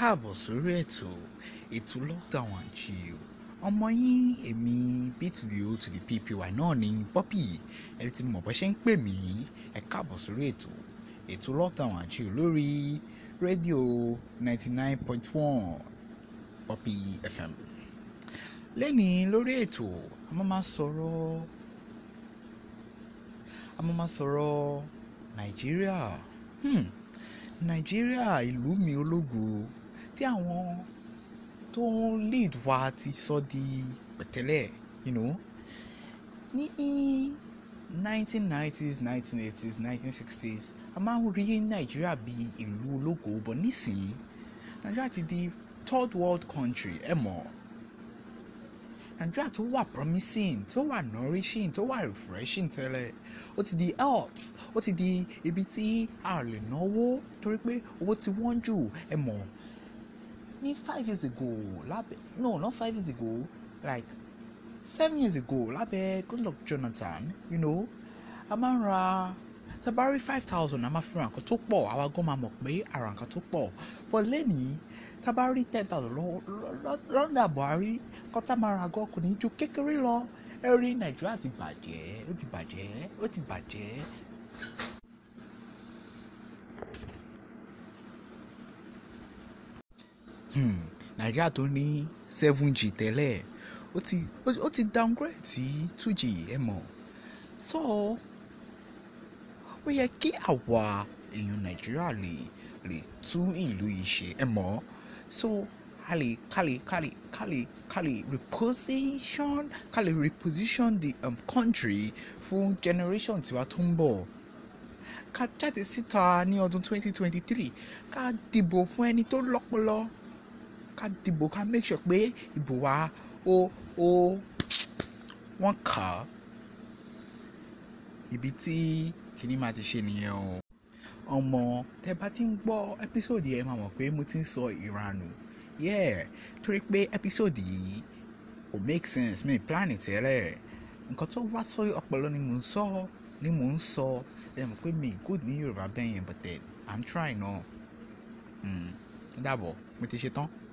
káàbọ̀ sórí ètò ètò lockdown and chill ọmọ yín èmi btdo to the ppy náà ni Poppy ẹni tí mo bọ́ ṣe ń pè mí ẹ káàbọ̀ sórí ètò ètò lockdown and chill lórí rédíò 99.1 Poppy FM lẹ́ni lórí ètò a máa ma sọ̀rọ̀ a máa ma sọ̀rọ̀ Nàìjíríà hmm. Nàìjíríà ìlú mi ológo tí àwọn tó ń lead wa ti sọ di pẹ̀tẹ́lẹ̀ you know ní 1990s 1980s 1960s a máa ń rí nàìjíríà bí ìlú ológo bọ̀ nísìnyí nàìjíríà ti di third world country ẹ mọ̀ nàìjíríà tó wà promising tó wà nourishing tó wà refreshing tẹ́lẹ̀ ó ti di health ó ti di ibi tí a lè náwó torí pé owó ti wọ́n jù ẹ mọ̀ ní five years ago lábẹ́ no not five years ago like seven years ago lábẹ́ Goodluck Jonathan you know a máa ń ra tabari five thousand a máa fi ra nǹkan tó pọ̀ àwa gan máa mọ̀ pé ara nǹkan tó pọ̀ but lẹ́nìí tabari ten thousand lọ́ndà Buhari nǹkan tá a máa ra gan kò ní ju kékeré lọ ẹ rí Nàìjíríà ti bàjẹ́ ó ti bàjẹ́ ó ti bàjẹ́ Hmm. nàìjíríà tó ní seven g tẹ́lẹ̀ ó ti downgrade sí two g ẹ mọ̀ so ó yẹ kí àwa èèyàn nàìjíríà lè lè tún ìlú yìí ṣe ẹ mọ̀ so kale kale kale kale kale reposition kale reposition the um, country fún generation tiwa tó ń bọ̀ ká jáde síta ní ọdún 2023 ká dìbò fún ẹni tó lọ́pọlọ ká dìbò ká make sure pé ìbò wa ó ó wọ́n kà á ibi tí kìíní máa ti ṣe nìyẹn o ọmọ tẹ bá ti ń gbọ́ ẹ́písòdì ẹ máa mọ̀ pé mo ti ń sọ ìranù yeah torí pé ẹ́písòdì yìí kò make sense mi plan tẹ́lẹ̀ nǹkan tó wá sórí ọpọlọ ni mò ń sọ ni mò ń sọ ẹ mọ̀ pé mi good ní Yorùbá bẹ́yẹn but then I'm trying náà. No. Mm. dàbọ̀ mo ti ṣe tán.